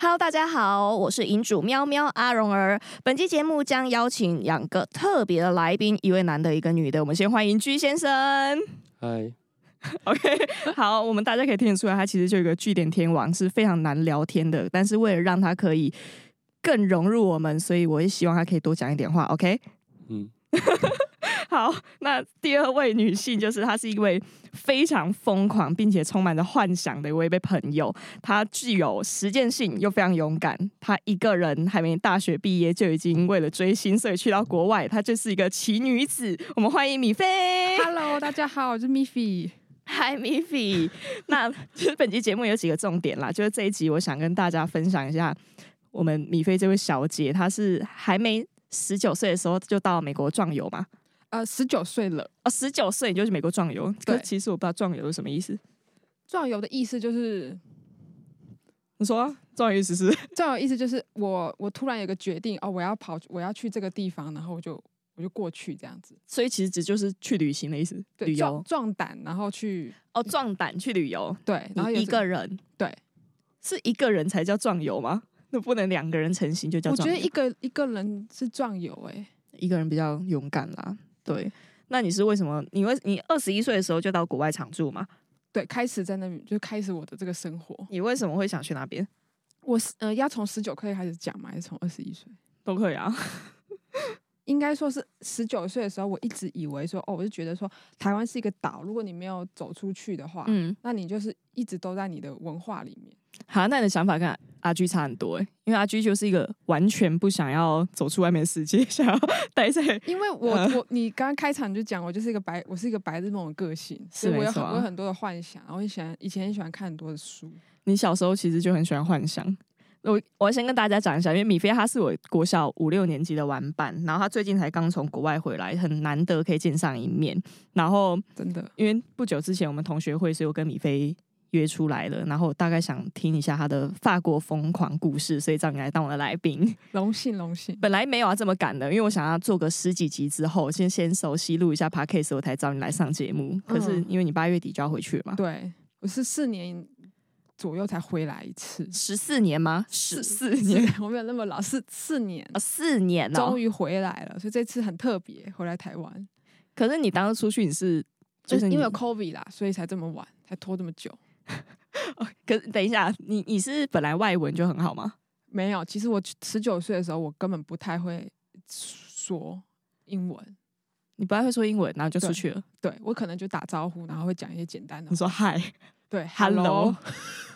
Hello，大家好，我是銀主喵喵阿蓉兒。本期節目將邀請兩個特別的來賓，一位男的，一個女的。我們先歡迎 G 先生。Hi，OK，、okay, 好，我們大家可以聽得出來，他其實就有一個句點天王，是非常難聊天的。但是為了讓他可以更融入我們，所以我也希望他可以多講一點話。OK，嗯。 好，那第二位女性就是她是一位非常瘋狂並且充滿着幻想的一位一朋友。她具有實踐性又非常勇敢。她一個人還沒大學畢業就已經為了追星，所以去到國外。她就是一個奇女子。我們歡迎米飛。Hello，大家好，我是米飛。Hi，米飛。 那其實、就是、本期節目有幾個重點啦，就是這一集我想跟大家分享一下，我們米飛這位小姐，她是還沒十九歲的時候就到美國壯遊嘛。啊、呃，十九歲了，啊、哦，十九歲你就去美國壯遊。對，可其實我不知道壯遊是什麼意思。壯遊的意思就是，你說啊壯遊意思是什麼？壯遊意思就是我我突然有個決定哦，我要跑，我要去這個地方，然後我就我就過去這樣子。所以其實只就是去旅行的意思，對旅遊壯壯膽然後去哦，壯膽去旅遊。對，然後、這個、一個人對，是一個人才叫壯遊嗎？那不能兩個人成行就叫。我覺得一個一個人是壯遊，哎，一個人比較勇敢啦。對，那你是為什麼？你為你二十一歲的時候就到國外常住嗎？對，開始在那裡就開始我的這個生活。你為什麼會想去那邊？我是呃，要從十九歲開始講嗎？還是從二十一歲？都可以啊。 應該說是十九歲的時候，我一直以為說，哦，我就覺得說，台灣是一個島，如果你沒有走出去的話，嗯，那你就是一直都在你的文化裡面。好，那你的想法跟阿 G 差很多、欸、因為阿 G 就是一個完全不想要走出外面的世界，想要待在……因為我、呃、我你剛剛開場就講，我就是一個白，我是一個白日夢的這種個性是、啊，所以我有很多很多的幻想，然後我喜歡以前很喜歡看很多的書。你小時候其實就很喜歡幻想。我我要先跟大家講一下，因為米飛他是我國小五六年級的玩伴，然後他最近才剛從國外回來，很難得可以見上一面。然後真的，因為不久之前我們同學會，所以我跟米飛。約出來了，然後大概想聽一下他的法國瘋狂故事，所以找你來當我的來賓，榮幸榮幸。本來沒有要、啊、這麼趕的，因為我想要做個十幾集之後，先先熟悉錄一下 Podcast，我才找你來上節目、嗯。可是因為你八月底就要回去嘛，對，我是四年左右才回來一次，十四年嗎？十四,四年四？我沒有那麼老，四四年啊，四年終於、哦哦、回來了，所以這次很特別回來台灣。可是你當時出去，你是就是因為有 COVID 啦，所以才這麼晚，才拖這麼久。 可是等一下，你你是本來外文就很好嗎？沒有，其實我十九歲的時候，我根本不太會說英文。你不太會說英文，然後就出去了。對，對我可能就打招呼，然後會講一些簡單的，我說 Hi，對，Hello，Hello?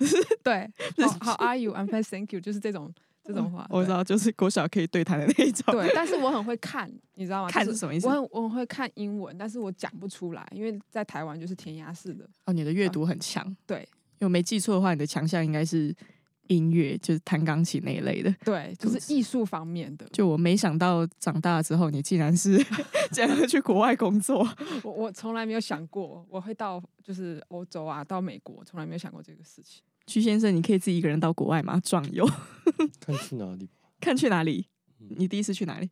對、 oh，How are you？I'm fine, thank you。就是這種。這種話、嗯、我知道，就是國小可以對談的那一種。對，但是我很會看，你知道嗎？看是什麼意思？我很我很會看英文，但是我講不出來，因為在台灣就是填鴨式的。哦，你的閱讀很強。對，如果沒記錯的話，你的強項應該是音樂，就是彈鋼琴那一類的。對，就是藝術方面的。就、是、就我沒想到長大之後，你竟然是 竟然會去國外工作。 我我從來沒有想過我會到就是歐洲啊，到美國，從來沒有想過這個事情。屈先生，你可以自己一個人到國外嗎？壯遊？ 看去哪裡？看去哪裡？你第一次去哪裡？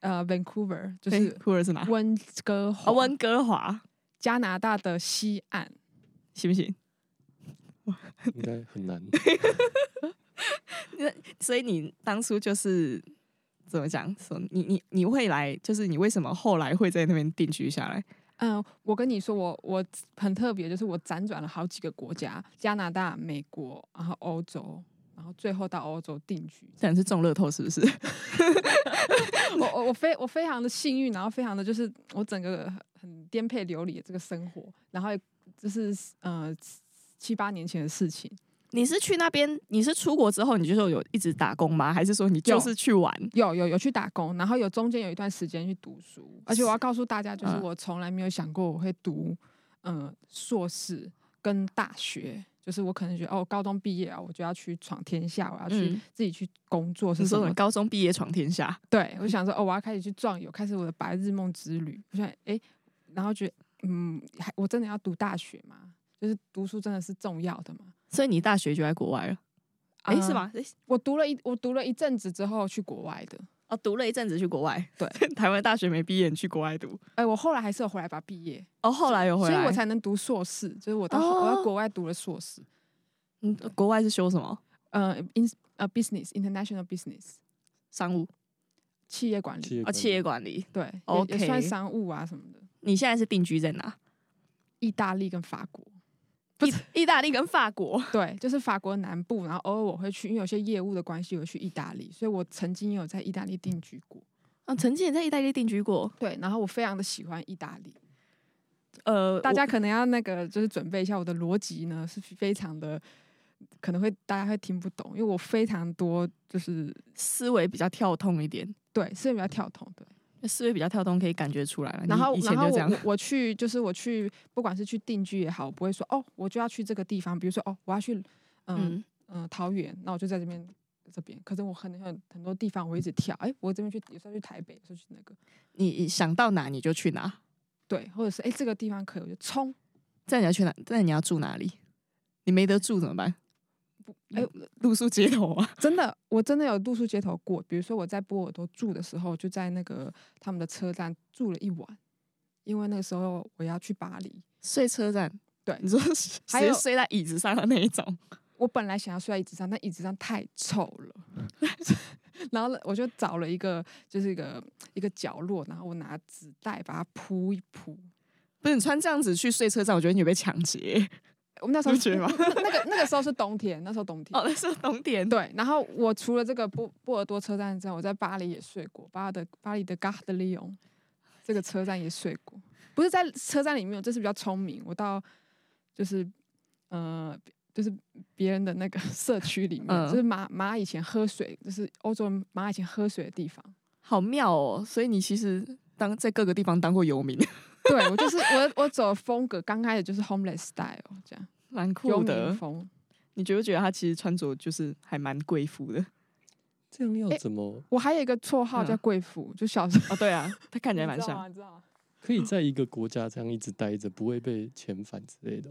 呃、uh,，Vancouver 就是，Vancouver 是哪？溫哥溫哥華，加拿大的西岸，行不行？應該很難。那 所以你當初就是怎麼講？說、so, 你你你會來，就是你為什麼後來會在那邊定居下來？嗯，我跟你說，我我很特別，就是我輾轉了好幾個國家，加拿大、美國，然後歐洲，然後最後到歐洲定居。自然是中樂透，是不是？ 我我我非我非常的幸運，然後非常的就是我整個很顛沛流離的這個生活，然後就是呃七八年前的事情。你是去那邊？你是出國之後你就說有一直打工嗎？還是說你就是去玩？有有有去打工，然後有中間有一段時間去讀書。而且我要告訴大家，就是我從來沒有想過我會讀嗯、啊呃、碩士跟大學。就是我可能覺得哦，高中畢業啊，我就要去闖天下，我要去、嗯、自己去工作。是是你說我高中畢業闖天下？對，我想說哦，我要開始去壯遊，我開始我的白日夢之旅。我想哎、欸，然後覺得嗯，還我真的要讀大學嗎？就是讀書真的是重要的嗎？所以你大學就在國外了？哎、欸，是嗎？我讀了一，我讀了一陣子之後去國外的。哦，讀了一陣子去國外。對，台灣大學沒畢業，去國外讀。哎、欸，我後來還是有回來把畢業。哦，後來有回來，所以我才能讀碩士。就是我到、哦、我在國外讀了碩士。嗯，國外是修什麼？呃、uh，in a business international business，商務、企業管理啊，企業管理、哦、企業管理對，OK，也也算商務啊什麼的。你現在是定居在哪？意大利跟法國。不是意大利跟法國，對，就是法國南部。然後偶爾我會去，因為有些業務的關係，我去意大利。所以我曾經有在意大利定居過。啊，曾經也在意大利定居過。對，然後我非常的喜歡意大利。呃，大家可能要那個，就是準備一下我的邏輯呢，是非常的，可能會大家會聽不懂，因為我非常多，就是思維比較跳通一點。對，思維比較跳通，對。思維比較跳動，可以感覺出來了。然後，以前就這樣我，我去，就是我去，不管是去定居也好，不會說哦，我就要去這個地方。比如說哦，我要去，嗯、呃、嗯，呃、桃園，那我就在這邊這邊。可是我很很很多地方，我一直跳。哎、欸，我這邊去，有時候去台北，算去那個。你想到哪你就去哪，對，或者是哎、欸，這個地方可以，我就衝。這樣你要去哪？那你要住哪裡？你沒得住怎麼辦？哎呦、嗯，露宿街頭啊！真的，我真的有露宿街頭過。比如說我在波爾多住的時候，就在那個他們的車站住了一晚，因為那個時候我要去巴黎，睡車站。對，你說還有睡在椅子上的那一種。我本來想要睡在椅子上，但椅子上太臭了，嗯、 然後我就找了一個就是一個一個角落，然後我拿紙袋把它鋪一鋪。不是，你穿這樣子去睡車站，我覺得你會被搶劫。.我們那時候去那，那個那個時候是冬天，那時候冬天。哦，那是冬天。對，然後我除了這個波波爾多車站之外，我在巴黎也睡過，巴黎的巴黎的 Gare de Lyon 這個車站也睡過。 不是在車站裡面，就是比較聰明。我到就是嗯、呃，就是別人的那個社區裡面、嗯，就是馬馬以前喝水，就是歐洲馬以前喝水的地方。好妙哦！所以你其實當在各個地方當過游民。 對，我就是我，我走的風格，剛開始就是 homeless style 這樣，蠻酷的風。你覺不覺得他其實穿着就是還蠻貴婦的？這樣要怎麼？欸、我還有一個綽號叫貴婦、嗯，就小時候啊，對啊，他看起來蠻像。可以在一個國家這樣一直待着，不會被遣返之類的。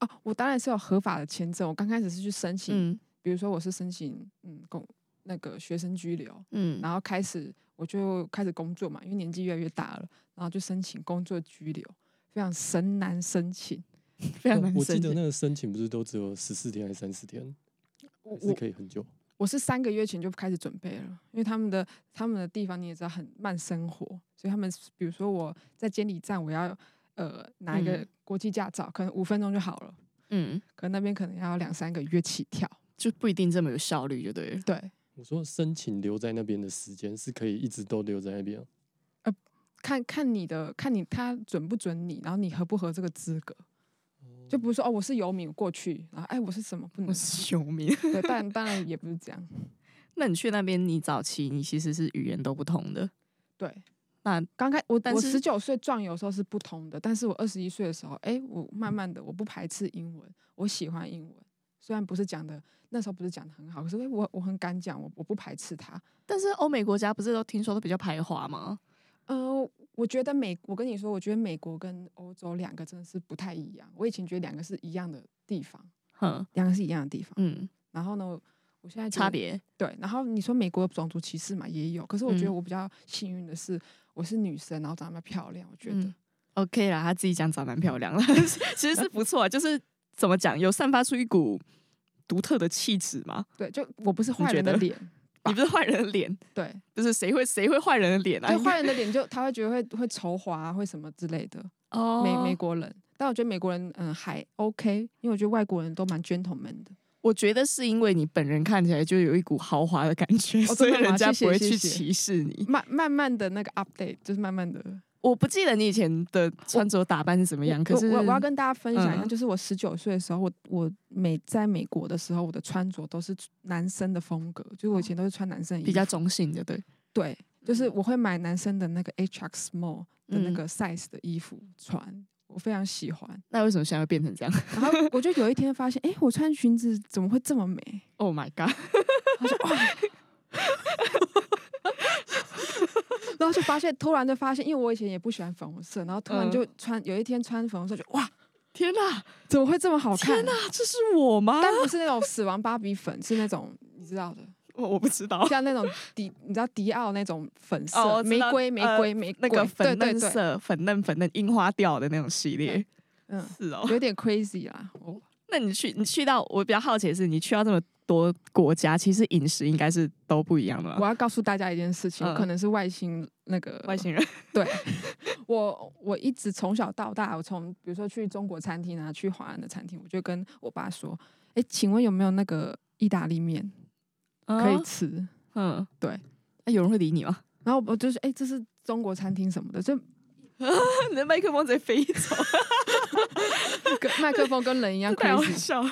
哦、啊，我當然是有合法的簽證。我剛開始是去申請、嗯，比如說我是申請嗯公那個學生居留，嗯，然後開始。我就開始工作嘛，因為年紀越來越大了，然後就申請工作居留，非常深難申請，非常難申請。我記得那個申請不是都只有十四天還是三十天？還是可以很久？我。我是三個月前就開始準備了，因為他們的他們的地方你也知道很慢生活，所以他們比如說我在監理站，我要呃拿一個國際駕照、嗯，可能五分鐘就好了。嗯，可那邊可能要兩三個月起跳，就不一定這麼有效率，就對了。對。我說，申請留在那邊的時間是可以一直都留在那邊？哦，呃，看看你的，看你他准不准你，然後你合不合這個資格，嗯、就不是說哦，我是遊民過去，然後哎，我是什麼？不能我是遊民，對，但當,當然也不是這樣。 那你去那邊，你早期你其實是語言都不通的，對。那剛開我但我十九歲壯遊的時候是不通的，但是我二十一歲的時候，哎，我慢慢的我不排斥英文，我喜歡英文。雖然不是講的那時候不是講的很好，可是我我很敢講，我我不排斥他。但是歐美國家不是都聽說都比較排華嗎？呃，我覺得美，我跟你說，我覺得美國跟歐洲兩個真的是不太一樣。我以前覺得兩個是一樣的地方，哼，兩個是一樣的地方，嗯。然後呢，我，我現在差別對。然後你說美國的種族歧視嘛，也有。可是我覺得我比較幸運的是、嗯，我是女生，然後長得漂亮。我覺得、嗯、OK 啦，他自己講長得漂亮了， 其實是不錯、啊，就是。怎麼講？有散發出一股獨特的氣質嗎？對，就我不是壞人的臉，你不是壞人的臉，對，就是誰會誰會壞人的臉啊？對，壞人的臉就 他會覺得會會籌劃啊，會什麼之類的哦。美美國人，但我覺得美國人嗯還 OK，因為我覺得外國人都蠻 gentleman 的。我覺得是因為你本人看起來就有一股豪華的感覺、哦，真的嗎？所以人家不會去歧視你。謝謝謝謝慢慢慢的那個 update，就是慢慢的。我不記得你以前的穿着打扮是怎麼樣，可是我我，我要跟大家分享一下，嗯啊、就是我十九歲的時候，我我每在美國的時候，我的穿着都是男生的風格，就是我以前都是穿男生的衣服、哦，比較中性的，對對，就是我會買男生的那個 H X Small 的那個 size 的衣服穿、嗯，我非常喜歡。那為什麼現在會變成這樣？然後我就有一天發現，哎、 欸，我穿裙子怎麼會這麼美？Oh my god！ 然後就發現，突然就發現，因為我以前也不喜歡粉紅色，然後突然就穿，呃、有一天穿粉紅色，就哇，天哪，啊，怎麼會這麼好看？天哪，啊，這是我嗎？但不是那種死亡芭比粉， 是那種你知道的，我我不知道，像那種迪，你知道迪奧那種粉色，哦，玫瑰玫瑰，呃、玫瑰那個粉嫩色，對對對，粉嫩粉嫩櫻花調的那種系列，嗯，是哦，有點 crazy 啦。哦，那你去，你去到，我比較好奇的是，你去到這麼。多國家其實飲食應該是都不一樣的。我要告訴大家一件事情，uh, 可能是外星那個外星人。對 我，我一直從小到大，我從比如說去中國餐廳啊，去華人的餐廳，我就跟我爸說：“哎、欸，請問有沒有那個意大利面可以吃？”嗯、uh, uh,，對。哎、欸，有人會理你嗎？然後我就說哎、欸，這是中國餐廳什麼的。就”這 麥克風直接飛走， 麥克風跟人一樣，太搞笑。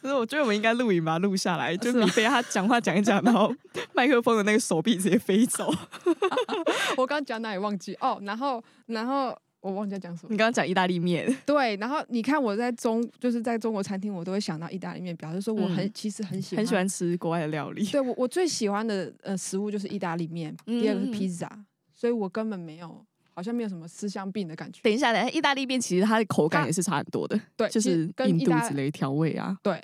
所以我覺得我們應該錄影把它錄下來，就是米飛他講話講一講，然後麥克風的那個手臂直接飛走。 我剛剛講哪也忘記哦、oh,，然後然後我忘記講什麼。你剛剛講意大利麵。對，然後你看我在中，就是在中國餐廳，我都會想到意大利麵，表示說我很、嗯、其實很喜歡，很喜歡吃國外的料理。對，我我最喜歡的食物就是意大利麵、嗯，第二個是披薩，所以我根本沒有。好像沒有什麼思鄉病的感覺。等一下，等下，意大利麵其實它的口感也是差很多的。對，就是印度之類調味啊。對，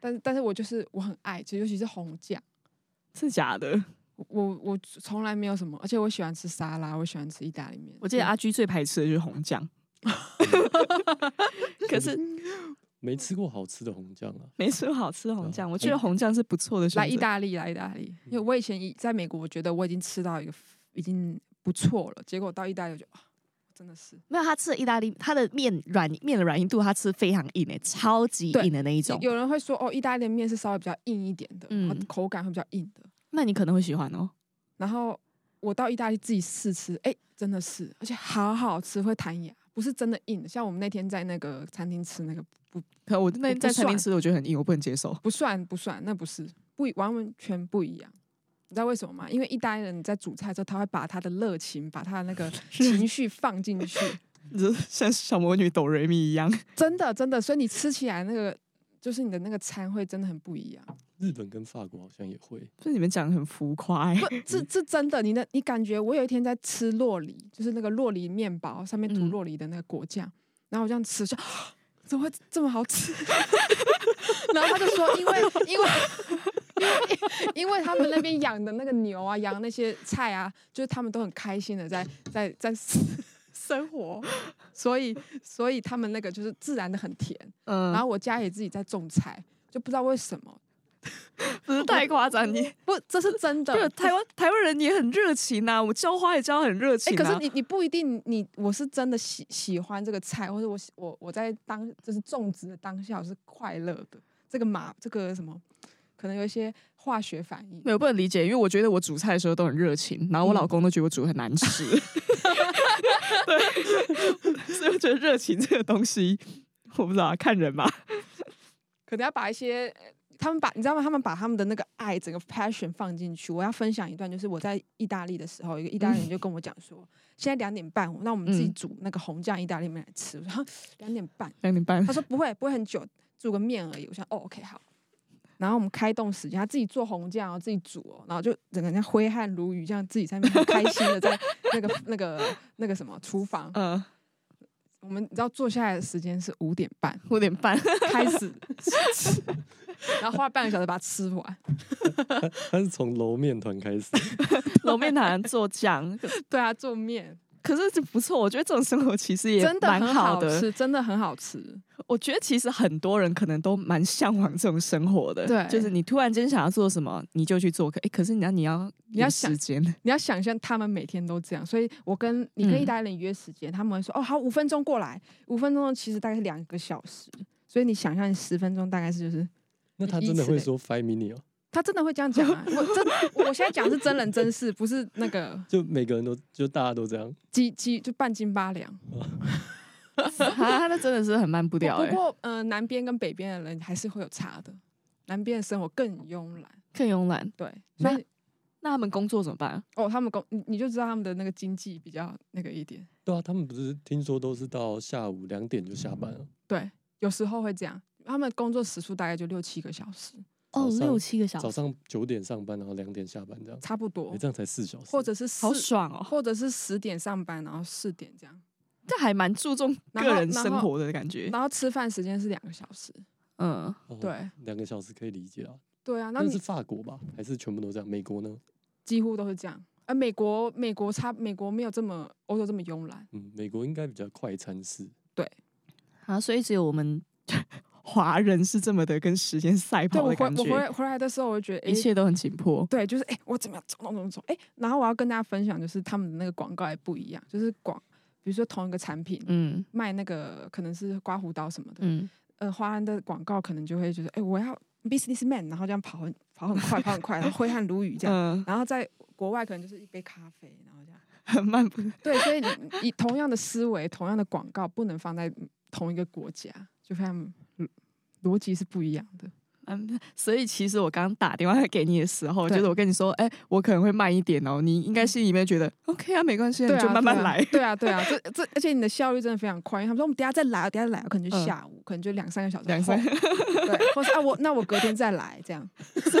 但是但是我就是我很愛吃，就尤其是紅醬。是假的？我我從來沒有什麼，而且我喜歡吃沙拉，我喜歡吃意大利麵。我記得阿 G 最排斥的就是紅醬。 可是沒吃過好吃的紅醬啊！沒吃過好吃的紅醬，我覺得紅醬是不錯的選擇。來意大利，來意大利，因為我以前在美國，我覺得我已經吃到一個已經。不錯了，結果到意大利就、啊、真的是沒有。他吃的意大利，他的麵軟麵的軟硬度，他吃非常硬誒、欸，超級硬的那一種。有人會說哦，意大利的麵是稍微比較硬一點的，嗯、口感會比較硬的。那你可能會喜歡哦。然後我到意大利自己試吃，哎、欸，真的是，而且好好吃，會彈牙，不是真的硬。像我們那天在那個餐廳吃那個，不可我那天在餐廳吃，我覺得很硬，我不能接受。不算不算、不算，那不是、不、完完全不一樣。你知道為什麼嗎？因為意大利人你在煮菜的時候，他會把他的熱情，把他的那個情緒放進去， 像小魔女哆瑞咪一樣，真的真的。所以你吃起來那個，就是你的那個餐會真的很不一樣。日本跟法國好像也會，所以你們講得很浮誇、欸，不，這真的。你的你感覺我有一天在吃酪梨，就是那個酪梨麵包上面塗酪梨的那個果醬、嗯，然後我這樣吃說、哦，怎麼會這麼好吃？ 然後他就說，因 為因為。因為因 為，因為他們那邊養的那個牛啊、養那些菜啊，就是他們都很開心的在在在生活，所以所以他們那個就是自然的很甜、嗯。然後我家也自己在種菜，就不知道為什麼。不是太誇張，你不，這是真的。對，台灣台灣人也很熱情吶、啊，我澆花也澆很熱情、啊。哎、欸，可是你你不一定，你我是真的喜喜歡這個菜，或者我我我在當就是種植的當下我是快樂的。這個馬，這個什麼？可能有一些化學反應。沒有，不能理解，因為我覺得我煮菜的時候都很熱情，然後我老公都覺得我煮的很難吃，嗯、 對 所以我覺得熱情這個東西我不知道，看人吧。可能要把一些他們把，你知道嗎？他們把他們的那個愛，整個 passion 放進去。我要分享一段，就是我在意大利的時候，一個意大利人就跟我講說、嗯，現在兩點半，那我們自己煮那個紅醬意大利面來吃。我說兩點半，兩點半。他說不會，不會很久，煮個面而已。我想，哦，OK，好。然後我們開動時間，他自己做紅醬、哦，然後自己煮、哦，然後就整個人揮汗如雨，這樣自己在那邊很開心的在那個 那個、那個、那個什麼廚房，嗯、呃，我們你知道坐下來的時間是五點半，五點半 開始，然後花半個小時把它吃完。他，他，他是從揉麵糰開始，揉 麵糰做醬， 對啊，做麵。可是就不錯，我覺得這種生活其實也蠻好的，是真，真的很好吃。我覺得其實很多人可能都蠻向往這種生活的，對，就是你突然間想要做什麼，你就去做。可、欸、哎，可是你要你要時間你要想你要想象他們每天都這樣。所以，我跟你跟義大利人約時間、嗯，他們會說哦，好，五分鐘過來。五分鐘其實大概是兩個小時，所以你想象十分鐘大概是就是？那他真的會說 five minutes 哦？他真的會這樣講啊？ 我真，我現在講的是真人真事， 不是那個。就每個人都，就大家都這樣，幾幾就半斤八兩。 他那真的是很慢步調、欸不。不過，嗯、呃，南邊跟北邊的人還是會有差的。南邊的生活更慵懶，更慵懶。對，所以那那他們工作怎麼辦、啊、哦，他們工，你你就知道他們的那個經濟比較那個一點。對啊，他們不是聽說都是到下午兩點就下班了、啊嗯。對，有時候會這樣。他們工作時數大概就六七個小時。哦、六七個小時，早上九點上班，然後兩點下班，這樣差不多。你、欸、這樣才四小時，或者是 4, 好爽哦，或者是十點上班，然後四點這樣，這還蠻注重個人生活的感覺。然後,然後,然後,然後吃飯時間是兩個小時，嗯，對，兩、哦、個小時可以理解啊。對啊，那就是法國吧？還是全部都這樣？美國呢？幾乎都是這樣。呃，美國，美國差，美國沒有這麼歐 洲這麼慵懶。嗯，美國應該比較快餐式。對，啊，所以只有我們。 華人是這麼的跟時間賽跑的感覺。對，我回我回回來的時候，我就覺得、欸、一切都很緊迫。對，就是、欸、我怎麼要走走？然後我要跟大家分享，就是他們的那個廣告也不一樣。就是廣，比如說同一個產品，嗯，賣那個可能是刮鬍刀什麼的，嗯，呃，華人的廣告可能就會覺得、就是、欸，我要 business man，然後這樣跑很跑很快，跑很快，然後揮汗如雨這樣、嗯。然後在國外可能就是一杯咖啡，然後這樣很慢。對，所以以同樣的思維，同樣的廣告，不能放在同一個國家。就他們嗯，邏輯是不一樣的，嗯、um,，所以其實我剛打電話給你的時候，就是我跟你說，哎、欸，我可能會慢一點哦，你應該心裡面覺得 OK 啊，沒關係，啊，就慢慢來，對啊，對啊，對啊這這，而且你的效率真的非常快，他們說我們等下再來，等下再來，我可能就下午，嗯、可能就兩三個小時，兩三個，對，或是啊我那我隔天再來這樣 這這這，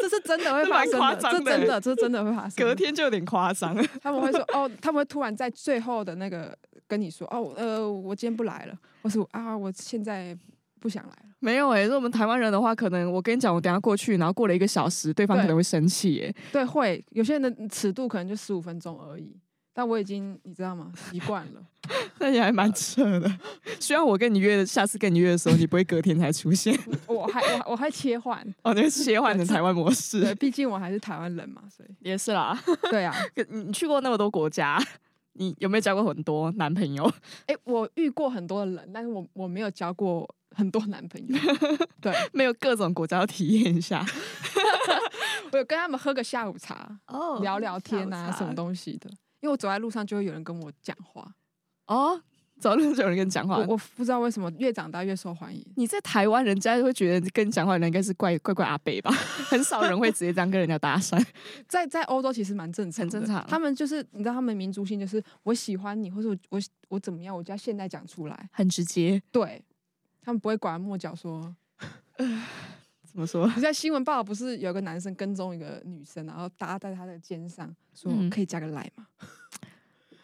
這是真的會發生，這真的這真的會發生，隔天就有點誇張，他們會說哦，他們會突然在最後的那個。跟你說哦、啊，呃，我今天不來了。我說啊，我現在不想來了。沒有誒、欸，如果我們台灣人的話，可能我跟你講，我等下過去然過，然後過了一個小時，對方可能會生氣哎、欸。對，會有些人的尺度可能就十五分鐘而已。但我已經你知道嗎？習慣了。 那你還蠻扯的。需要我跟你約，的，下次跟你約的時候，你不會隔天才出現？ 我，我還我，我還切換哦，那個切換成台灣模式 ？畢竟我還是台灣人嘛，所以也是啦。 對啊，你你去過那麼多國家。你有沒有交過很多男朋友？哎、欸，我遇過很多的人，但是我我沒有交過很多男朋友。 對，沒有各種國家要體驗一下。 我有跟他們喝個下午茶，oh, 聊聊天啊，什麼東西的。因為我走在路上就會有人跟我講話。哦、oh?。找那，有人跟你講話我，我不知道為什麼越長大越受歡迎。你在台灣，人家會覺得跟你講話的人應該是怪怪怪阿北吧？ 很少人會直接這樣跟人家搭訕。 在在歐洲其實蠻正常，很正常。他們就是你知道，他們民族性就是我喜歡你，或是我我我怎麼樣，我就要現在講出來，很直接。對，他們不會拐彎抹角說、 呃，怎麼說？你在新聞報不是有個男生跟蹤一個女生，然後搭在她的肩上說，可以加個 Line 嗎？嗯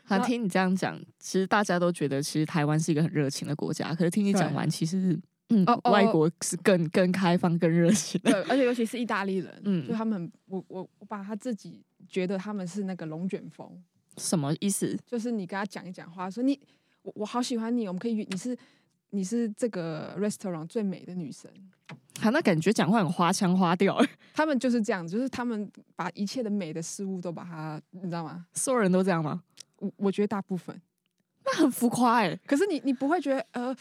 他聽你這樣講，其實大家都覺得其實台灣是一個很熱情的國家。可是聽你講完，其實嗯、哦哦，外國是更更開放、更熱情的。對，而且尤其是意大利人，嗯，就他們，我我我把他自己覺得他們是那個龍捲風，什麼意思？就是你跟他講一講話，說你我我好喜歡你，我們可以，你是你是這個 restaurant 最美的女神。好，那感覺講話很花腔花調。他們就是這樣子，就是他們把一切的美的事物都把它，你知道嗎？所有人都這樣嗎？我我覺得大部分，那很浮誇哎、欸。可是你你不會覺得呃，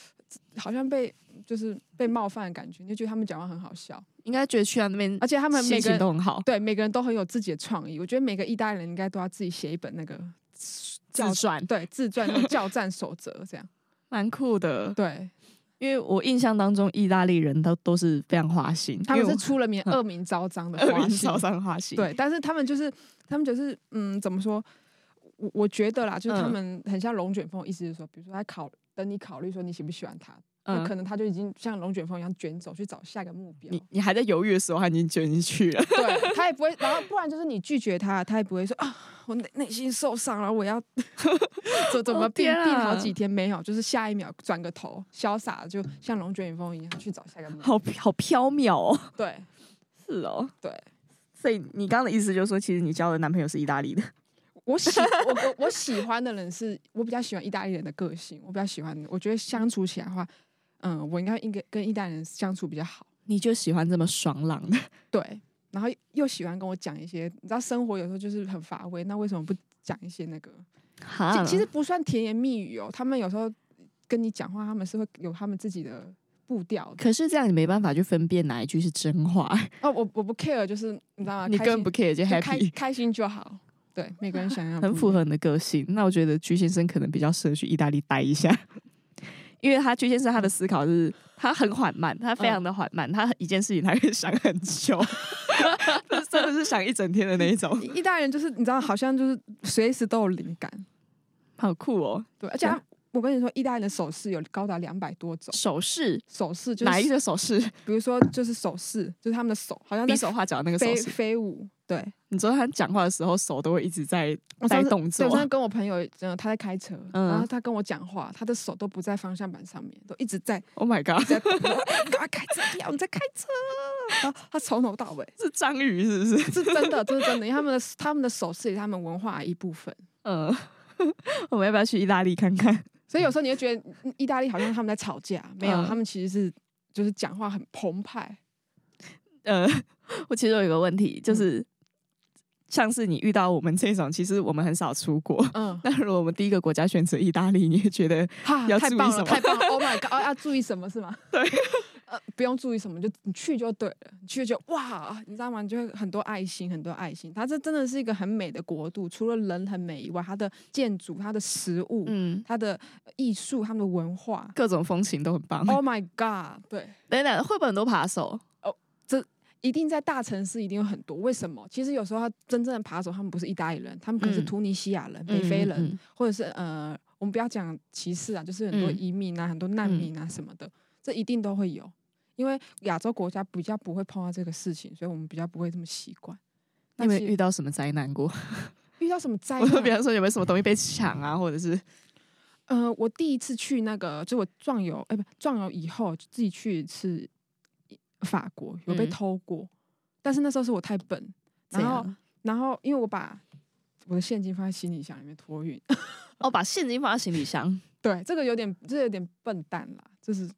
好像被就是被冒犯的感覺？你覺得他們講話很好笑？應該覺得去那邊，而且他們每個人都很好，對，每個人都很有自己的創意。我覺得每個意大利人應該都要自己寫一本那個自傳，對，自傳、那個、叫《戰守則》這樣，蠻酷的。對，因為我印象當中，意大利人都都是非常花心，他們是出了名的惡名昭彰的花心，昭彰花心。對，但是他們就是他們就是嗯，怎麼說？我我覺得啦，就是他們很像龍捲風，意思是說、嗯，比如說他考等你考慮說你喜不喜歡他，那、嗯、可能他就已經像龍捲風一樣卷走去找下一個目標。你你還在猶豫的時候，他已經卷進去了。對他也不會，然後不然就是你拒絕他，他也不會說啊，我內心受傷了，我要怎怎麼病病了好幾天沒有，就是下一秒轉個頭，瀟灑的就像龍捲風一樣去找下一個目標。好飄好好飄渺哦，對，是哦，對，所以你剛剛的意思就是說，其實你交的男朋友是意大利的。 我喜我我我喜歡的人是，我比較喜歡意大利人的個性，我比較喜歡，我覺得相處起來的話，嗯，我應該應該跟意大利人相處比較好。你就喜歡這麼爽朗的，對，然後又喜歡跟我講一些，你知道生活有時候就是很乏味，那為什麼不講一些那個？好啊。其實，其實不算甜言蜜語哦，他們有時候跟你講話，他們是會有他們自己的步調。可是這樣你沒辦法去分辨哪一句是真話。哦，我我不 care，就是你知道嗎？你更不 care 就 happy。就開，開心就好。對，沒關係， 很符合你的個性。那我覺得 G 先生可能比較適合去意大利待一下， 因為他 G 先生他的思考是，嗯、他很緩慢，他非常的緩慢，嗯，他一件事情他會想很久， 真的是想一整天的那一種。意大利人就是你知道，好像就是隨時都有靈感，好酷哦！對，對而且他。我跟你說，意大利的手勢有高達兩百多種。手勢，手勢、就是，哪一些手勢？比如說，就是手勢，就是他們的手，好像比手畫腳那個手勢，飛舞。對你說他講話的時候，手都會一直在我算在動作。對我算跟我朋友，他在開車，嗯、然後他跟我講話，他的手都不在方向盤上面，都一直在。Oh my god！趕快、 欸、開車我們在開車。然後他從頭到尾是章魚，是不是？是真的，就是真的。因為他們的他們的手勢是他們文化的一部分。呃，我們要不要去意大利看看？所以有時候你會覺得意大利，好像他們在吵架，沒有，嗯、他們其實是就是講話很澎湃。呃，我其實有一個問題，就是、嗯、像是你遇到我們這種，其實我們很少出國，嗯，但如果我們第一個國家選擇意大利，你也覺得要注意什麼啊，太棒了，太棒！Oh my god，要、啊、注意什麼是嗎？對。呃，不用注意什麼，就你去就對了。你去就哇，你知道嗎？你就會很多愛心，很多愛心。它這真的是一個很美的國度，除了人很美以外，它的建築、它的食物、它的藝術、他們的文化，各種風情都很棒。Oh my god！對，等等，會不會很多扒手？哦，這一定在大城市一定有很多。為什麼？其實有時候他真正的扒手，他們不是意大利人，他們可是突尼西亞人、嗯、北非人，嗯、或者是呃，我們不要講歧視啊，就是很多移民啊、嗯、很多難民啊什麼的。這一定都會有，因為亞洲國家比較不會碰到這個事情，所以我們比較不會這麼習慣。有沒有遇到什麼災難過？ 遇到什麼災難？我跟別人說有沒有什麼東西被搶啊、嗯，或者是……呃，我第一次去那個，就我壯遊，哎，不壯遊，以後自己去一次法國，有被偷過，嗯、但是那時候是我太笨，然後然後因為我把我的現金放在行李箱裡面托運，哦，嗯、把現金放在行李箱，對，這個有點這個、有點笨蛋啦，就是。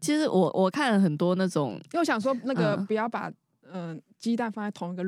其實我我看了很多那種，因為我想說那個不要把嗯、呃、雞蛋放在同一個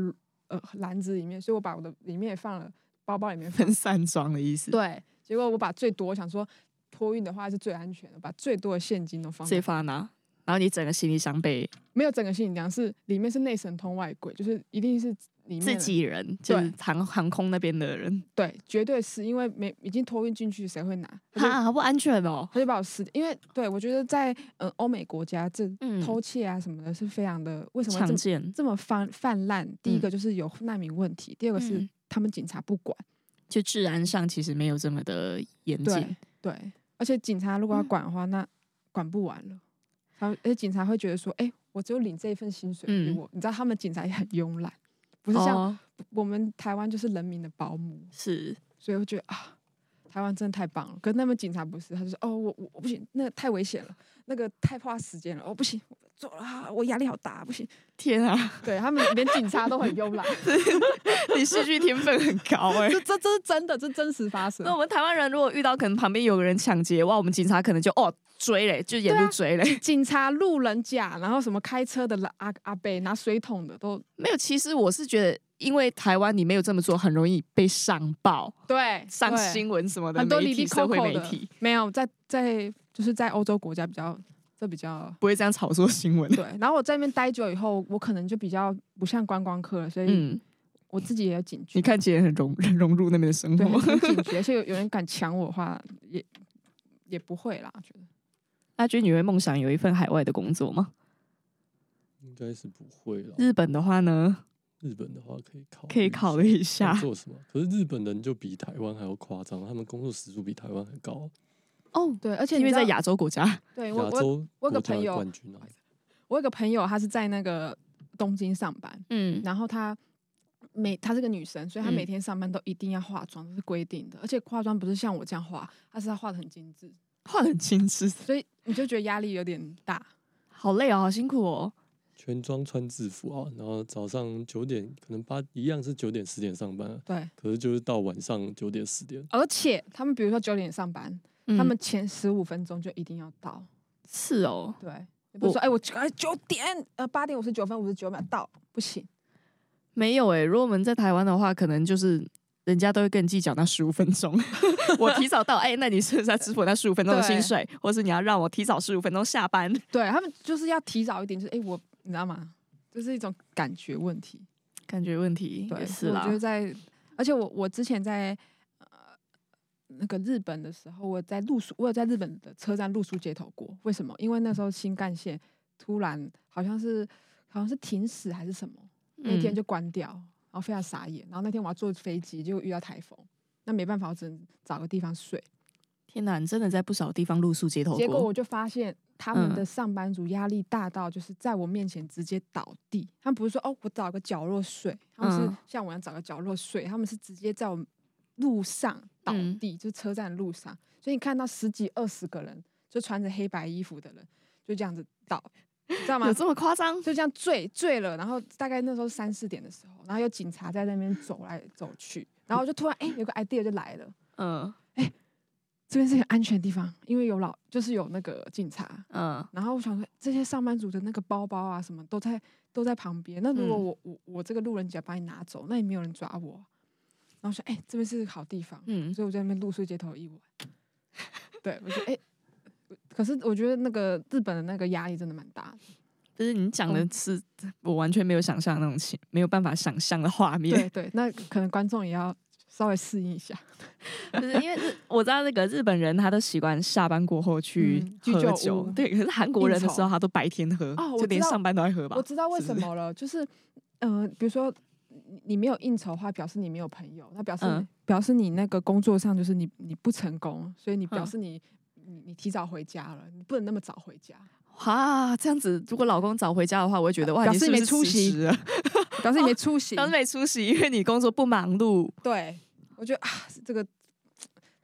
呃籃子裡面，所以我把我的裡面也放了包包裡面分散裝的意思。對，結果我把最多我想說托運的話是最安全的，把最多的現金都放最放哪？然後你整個行李箱被沒有整個行李箱是裡面是內神通外鬼，就是一定是。裡面自己人就是航對航空那邊的人，對，絕對是因為沒已經托運進去，誰會拿？啊，好不安全哦！他就把我撕，因為對我覺得在呃歐、嗯、美國家這、嗯、偷竊啊什麼的是非常的為什麼這麼這麼泛泛濫？第一個就是有難民問題，嗯、第二個是他們警察不管、嗯，就治安上其實沒有這麼的嚴謹。對，而且警察如果要管的話，嗯、那管不完了然後。而且警察會覺得說：“哎、欸，我只有領這一份薪水，嗯、我你知道他們警察也很慵懶。”不是像，哦、我們台灣就是人民的保姆，是，所以我覺得啊，台灣真的太棒了。可是那邊警察不是，他就說哦，我我不行，那個太危險了，那個太花時間了，哦不行，走了啊，我壓力好大，不行，天啊，對，他們連警察都很慵懶。 你戲劇天分很高哎，欸， 這這這是真的，這真實發生。那我們台灣人如果遇到可能旁邊有個人搶劫哇，我們警察可能就哦。追嘞，就沿路追嘞、啊，警察、路人甲，然後什麼開車的阿阿伯拿水桶的都沒有。其實我是覺得，因為台灣你沒有這麼做，很容易被上報，對，上新聞什麼的，媒體很多離離摳摳的。沒有，在在就是在歐洲國家比較，這比較不會這樣炒作新聞。對，然後我在那邊待久以後，我可能就比較不像觀光客了，所以我自己也要警覺、嗯。你看，起來很融融入那邊的生活，很警覺， 而且有，有人敢搶我的話，也也不會啦，覺得。阿娟，你會夢想有一份海外的工作嗎？應該是不會了。日本的話呢？日本的話可以考一下，可以考慮一下做什麼。可是日本人就比台灣還要誇張，他們工作時數比台灣還高。哦，對，而且因為在亞洲國家，對，我有個朋友，我有個朋友，啊、朋友他是在那個東京上班，嗯，然後他每他是個女生，所以她每天上班都一定要化妝，嗯、這是規定的。而且化妝不是像我這樣化，她是他化得很精致，化得很精致，所以。你就覺得壓力有點大，好累哦，好辛苦哦。全妝穿制服哦、啊，然後早上九點，可能八一樣是九點十點上班、啊。對，可是就是到晚上九點十點。而且他們比如說九點上班，嗯、他們前十五分鐘就一定要到。是哦，對。也不是說哎、欸，我九九點呃八點五十九分五十九秒到，不行。沒有哎、欸，如果我們在台灣的話，可能就是。人家都會跟你計較那十五分鐘。 我提早到，哎、欸，那你是不是要支付我那十五分鐘的薪水？或是你要讓我提早十五分鐘下班？對他們，就是要提早一點，就是哎、欸，我你知道嗎？這，就是一種感覺問題，感覺問題，對，是啦。我覺得在，而且我我之前在呃那個日本的時候，我在露宿，我有在日本的車站露宿街頭過。為什麼？因為那時候新干線突然好像是好像是停駛還是什麼，那天就關掉。嗯然後非常傻眼，然後那天我要坐飛機，就遇到台風，那沒辦法，我只能找個地方睡。天吶，你真的在不少地方露宿街頭過。結果我就發現，他們的上班族壓力大到，就是在我面前直接倒地。他們不是說“哦，我找個角落睡”，他們是像我要找個角落睡、嗯，他們是直接在我路上倒地，嗯、就是、車站路上。所以你看到十幾二十個人，就穿着黑白衣服的人，就這樣子倒。你知道嗎？有這麼誇張？就這樣醉醉了，然後大概那時候三四點的時候，然後有警察在那邊走來走去，然後就突然誒、欸，有個 idea 就來了，嗯、呃，誒、欸，這邊是個安全的地方，因為有老就是有那個警察，嗯、呃，然後我想說這些上班族的那個包包啊什麼都在都在旁邊，那如果我、嗯、我我這個路人甲把你拿走，那也沒有人抓我，然後說哎、欸，這邊是個好地方，嗯，所以我在那邊露宿街頭一晚，對，我說哎。欸可是我覺得那個日本的那個壓力真的蠻大的，就是你講的是我完全沒有想象那種情，沒有辦法想象的畫面。對,對對，那可能觀眾也要稍微適應一下，就 是因為日我知道那個日本人他都習慣下班過後去、嗯、喝酒,去酒，對。可是韓國人的時候他都白天喝，啊、就連上班都會喝吧。我知道為什麼了，是是就是嗯、呃，比如說你沒有應酬的話，表示你沒有朋友，那表示、嗯、表示你那個工作上就是你你不成功，所以你表示你。嗯你你提早回家了，你不能那麼早回家哈，這樣子，如果老公早回家的話，我會覺得、呃、哇，你是是呃、表示沒出息、 哦，表示沒出息，表示沒出息，因為你工作不忙碌。對，我覺得啊，這個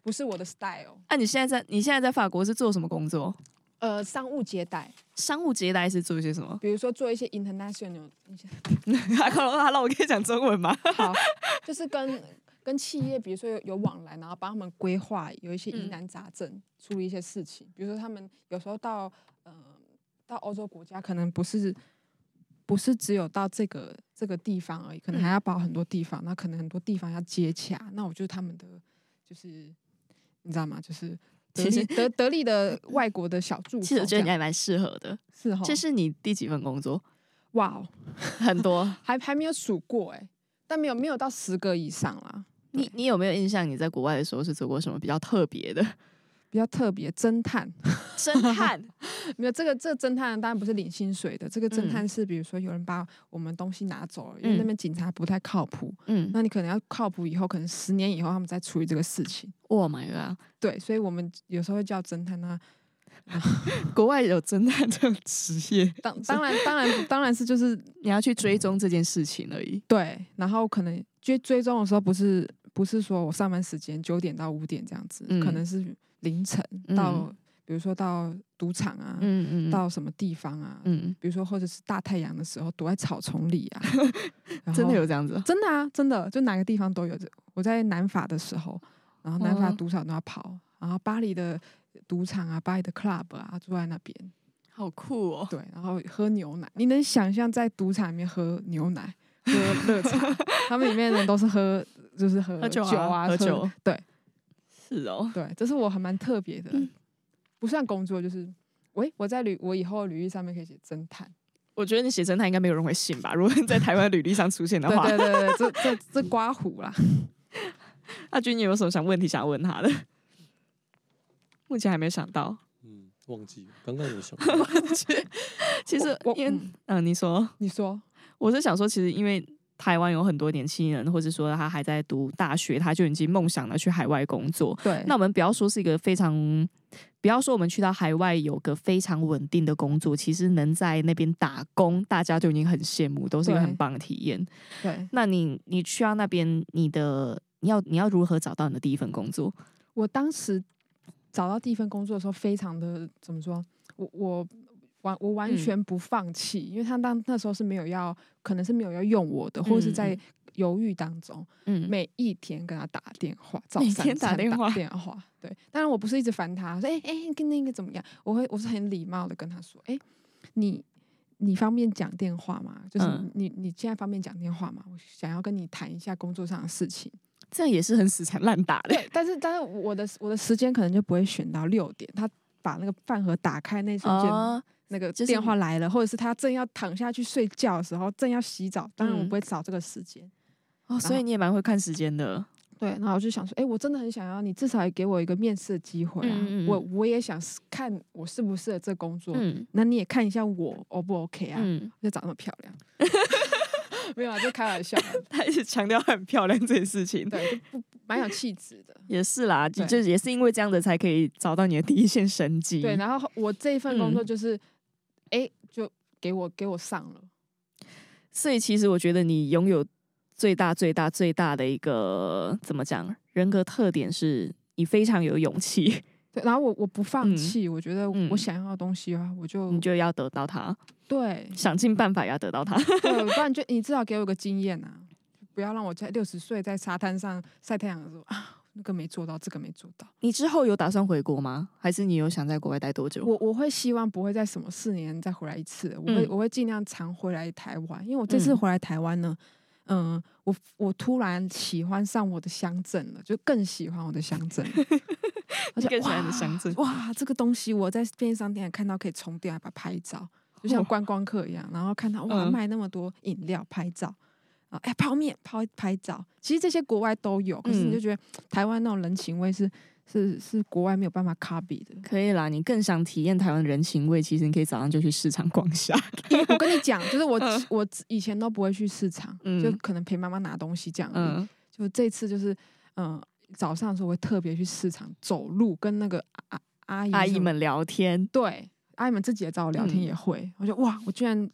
不是我的 style。那、啊、你現在在你現在在法國是做什麼工作？呃，商務接待。商務接待是做一些什麼？比如說做一些 international。他他讓我跟你講中文嘛，好，就是跟。 跟企業，比如說有往來，然後幫他們規劃有一些疑難雜症、嗯，處理一些事情。比如說他們有時候到嗯、呃、到歐洲國家，可能不是不是只有到這個這個地方而已，可能還要包很多地方。那可能很多地方要接洽。嗯、那我就是他們的就是你知道嗎？就是其實得 得力的外國的小助手，其實我覺得你還蠻適合的。是，這是你第幾份工作？哇、哦，很多 還還沒有數過哎、欸，但沒有沒有到十個以上啦。你你有沒有印象？你在國外的時候是做過什麼比較特別的？比較特別，偵探，偵探， 沒有這個，這個偵探當然不是領薪水的。這個偵探是比如說有人把我們東西拿走了，嗯、因為那邊警察不太靠譜。嗯，那你可能要靠譜，以後可能十年以後他們再處理這個事情。哇、oh，My God！對，所以我們有時候會叫偵探。那 國外有偵探這個職業，當當然當然當然是就是你要去追蹤這件事情而已。嗯、對，然後可能追追蹤的時候不是。不是說我上班時間九點到五點這樣子，嗯，可能是凌晨到，嗯，比如說到賭場啊，嗯嗯，到什麼地方啊，嗯，比如說或者是大太陽的時候躲在草叢裡啊， 真的有這樣子，哦，真的啊，真的，就哪個地方都有這。我在南法的時候，然後南法賭場都要跑，哦，然後巴黎的賭場啊，巴黎的 club 啊，住在那邊，好酷哦。對，然後喝牛奶，你能想象在賭場裡面喝牛奶喝熱茶？ 他們裡面的人都是喝。就是喝酒啊，喝酒、啊，對，是哦，對，這是我還蠻特別的、嗯，不算工作，就是，喂、欸，我在履我以後履歷上面可以寫偵探，我覺得你寫偵探應該沒有人會信吧？如果你在台灣履歷上出現的話， 對，對，對對對， 這這這，這刮胡啦。阿、嗯、軍、啊，你有什麼想問題想問他的？目前還沒有想到，嗯，忘記，剛剛有想忘記， 其實，我我嗯、呃，你說，你說，我是想說，其實因為。台灣有很多年輕人，或者說他還在讀大學，他就已經夢想了去海外工作。對，那我們不要說是一個非常，不要說我們去到海外有個非常穩定的工作，其實能在那邊打工，大家就已經很羨慕，都是一個很棒的體驗。對，那你你去到那邊，你，你的你要你要如何找到你的第一份工作？我當時找到第一份工作的時候，非常的怎麼說？我我。完，我完全不放棄，嗯、因為他當那時候是沒有要，可能是沒有要用我的，或者是在猶豫當中、嗯。每一天跟他打電話，早上打電話，每天打電話，電話。對。當然，我不是一直煩他，說哎哎，欸欸、你跟那個怎麼樣？我會，我是很禮貌的跟他說，哎、欸，你你方便講電話嗎？就是你你現在方便講電話嗎、嗯？我想要跟你談一下工作上的事情。這樣也是很死纏爛打的，對。但是但是我的我的時間可能就不會選到六點，他把那個飯盒打開那瞬間。哦那個電話來了、就是，或者是他正要躺下去睡覺的時候，正要洗澡，當、嗯、然我不會找這個時間。哦，所以你也蠻會看時間的。對，然後我就想說，哎、欸，我真的很想要你，至少也給我一個面試的機會啊！嗯嗯嗯，我我也想看我適不適合這個工作，那、嗯、你也看一下我 O、哦、不 OK 啊？我、嗯、就長那麼漂亮， 沒有啊，就開玩笑、啊。 他一直強調很漂亮這件事情，對，就不，蠻有氣質的。也是啦，就就也是因為這樣子才可以找到你的第一線生機。對，然後我這一份工作就是。嗯給我給我上了，所以其實我覺得你擁有最大最大最大的一個怎麼講人格特點，是你非常有勇氣。對，然後我我不放棄、嗯，我覺得我想要的東西啊，嗯、我就你就要得到它。對，想盡辦法要得到它。對，不然就你至少給我個經驗啊，不要讓我在六十歲在沙灘上曬太陽的時候啊。那個沒做到，這個沒做到。你之後有打算回國嗎？還是你有想在國外待多久？我我會希望不會在什麼四年再回來一次、嗯。我會我會盡量常回來台灣，因為我這次回來台灣呢，嗯，呃、我我突然喜歡上我的鄉鎮了，就更喜歡我的鄉鎮， 而且 你更喜歡的鄉鎮哇，哇，這個東西我在便利商店看到可以充電，把它拍照，就像觀光客一樣，哦、然後看到哇，賣那麼多飲料、嗯、拍照。啊，哎，泡麵、泡拍照，其實這些國外都有，可是你就覺得、嗯、台灣那種人情味是是是國外沒有辦法 copy 的。可以啦，你更想體驗台灣的人情味，其實你可以早上就去市場逛下。 我跟你講，就是我、嗯、我以前都不會去市場，嗯、就可能陪媽媽拿東西這樣子。嗯，就這次就是嗯，早上的時候我會特別去市場走路，跟那個阿、啊啊、阿姨阿姨們聊天。對，阿姨們自己也找我聊天，也會、嗯。我覺得哇，我居然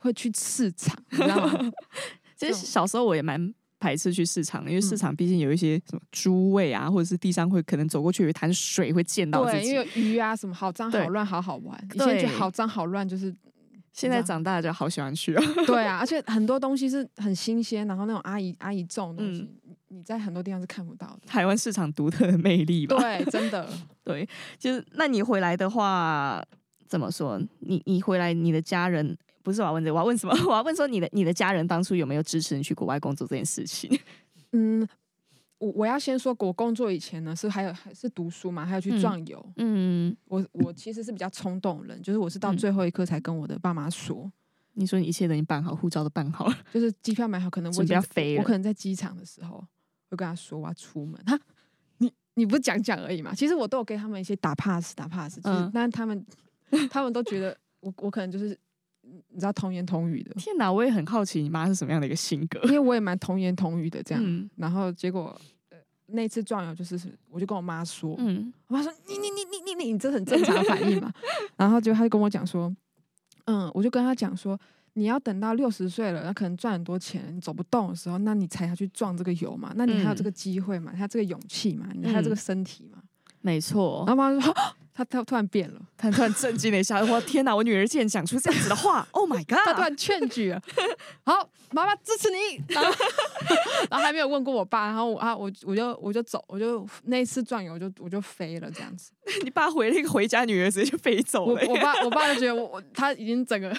會去市場，你知道嗎？ 其實小時候我也蠻排斥去市場的，因為市場畢竟有一些什麼豬味啊，或者是地上會可能走過去有潭水會濺到自己。對，因為有魚啊什麼，好髒好亂，好好玩。以前就好髒好亂，就是現在長大了就好喜歡去哦。對啊，而且很多東西是很新鮮，然後那種阿姨阿姨種的東西，嗯，你在很多地方是看不到的。台灣市場獨特的魅力吧？對，真的。對，就是那你回來的話，怎麼說？你你回來，你的家人。不是我要問這，我要問什麼？我要問說你的你的家人當初有沒有支持你去國外工作這件事情？嗯，我我要先說，我工作以前呢是還有還是讀書嘛，還有去壯遊、嗯。嗯，我我其實是比較衝動的人，就是我是到最後一刻才跟我的爸媽說、嗯，你說你一切等你辦好，護照都辦好了，就是機票買好，可能我比較飛我可能在機場的時候會跟他說我要出門。他你你不是講講而已嘛，其實我都有給他們一些打 pass 打 pass，、嗯就是、但他們他們都覺得 我我可能就是。你知道童言童語的天吶，我也很好奇你媽是什麼樣的一個性格，因為我也蠻童言童語的這樣。嗯、然後結果、呃、那次壯遊，就是我就跟我媽說，嗯，我媽說你你你你你你這很正常反應嘛。 然後就她就跟我講說，嗯，我就跟她講說，你要等到六十歲了，那可能賺很多錢，你走不動的時候，那你才要去壯這個遊嘛，那你還有這個機會嘛，嗯、還有這個勇氣嘛，你還有這個身體嘛，嗯、沒錯。然後媽就說。他他突然變了，他突然震驚了一下。我 天哪！我女兒竟然講出這樣子的話 ！Oh my god！他突然勸舉啊。 好，媽媽支持你。然後，然後還沒有問過我爸。然後我啊，我我就我就走，我就那一次壯遊我就我就飛了這樣子。你爸回了一個回家，女兒直接就飛走了。我我爸，我爸就覺得我，我他已經整個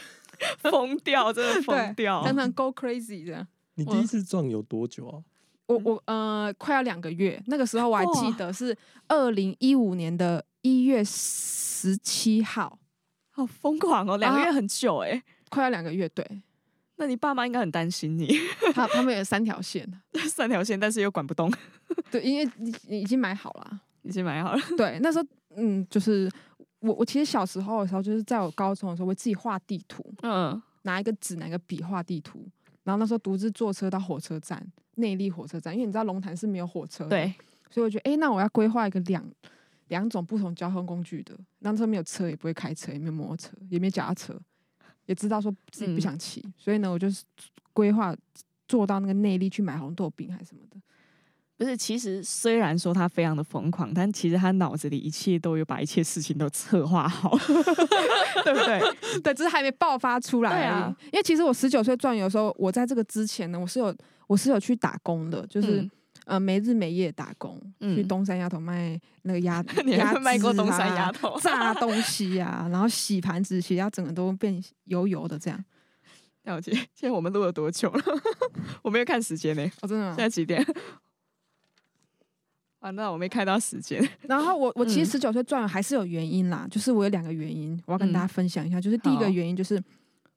瘋掉，真的瘋掉，常常 go crazy 這樣。你第一次壯遊多久啊？我我呃，快要兩個月。那個時候我還記得是二零一五年的。一月十七號，好瘋狂哦！兩個月很久誒、欸，快要兩個月對。那你爸媽應該很擔心你，他他們有三條線， 三條線，但是又管不動。對，因為你,你已經買好了，已經買好了。對，那時候嗯，就是我我其實小時候的時候，就是在我高中的時候，我自己畫地圖，嗯,嗯，拿一個紙，拿個筆畫地圖，然後那時候獨自坐車到火車站，內壢火車站，因為你知道龍潭是沒有火車的，對，所以我覺得哎，那我要規劃一個兩。兩種不同交通工具的。那車，沒有車，也不會開車，也沒有摩托車，也沒腳踏車，也知道說自己不想騎、嗯，所以呢，我就是規劃坐到那個內力去買紅豆餅還是什麼的。不是，其實雖然說他非常的瘋狂，但其實他腦子裡一切都有把一切事情都策劃好 對，對不對？ 對，只是還沒爆發出來啊。因為其實我十九歲壯遊的時候，我在這個之前呢，我是有我是有去打工的，就是。嗯呃，沒日沒夜打工、嗯，去東山鴨頭賣那個鴨鴨，你還不賣過東山鴨頭，啊、炸東西啊， 然後洗盤子，洗到整個都變油油的這樣。但我小得，現在我們錄了多久了？ 我沒有看時間呢、欸。我、哦、真的？現在幾點？ 啊，那我沒看到時間。然後我我其實十九歲賺了還是有原因啦，嗯、就是我有兩個原因，我要跟大家分享一下。嗯、就是第一個原因就是，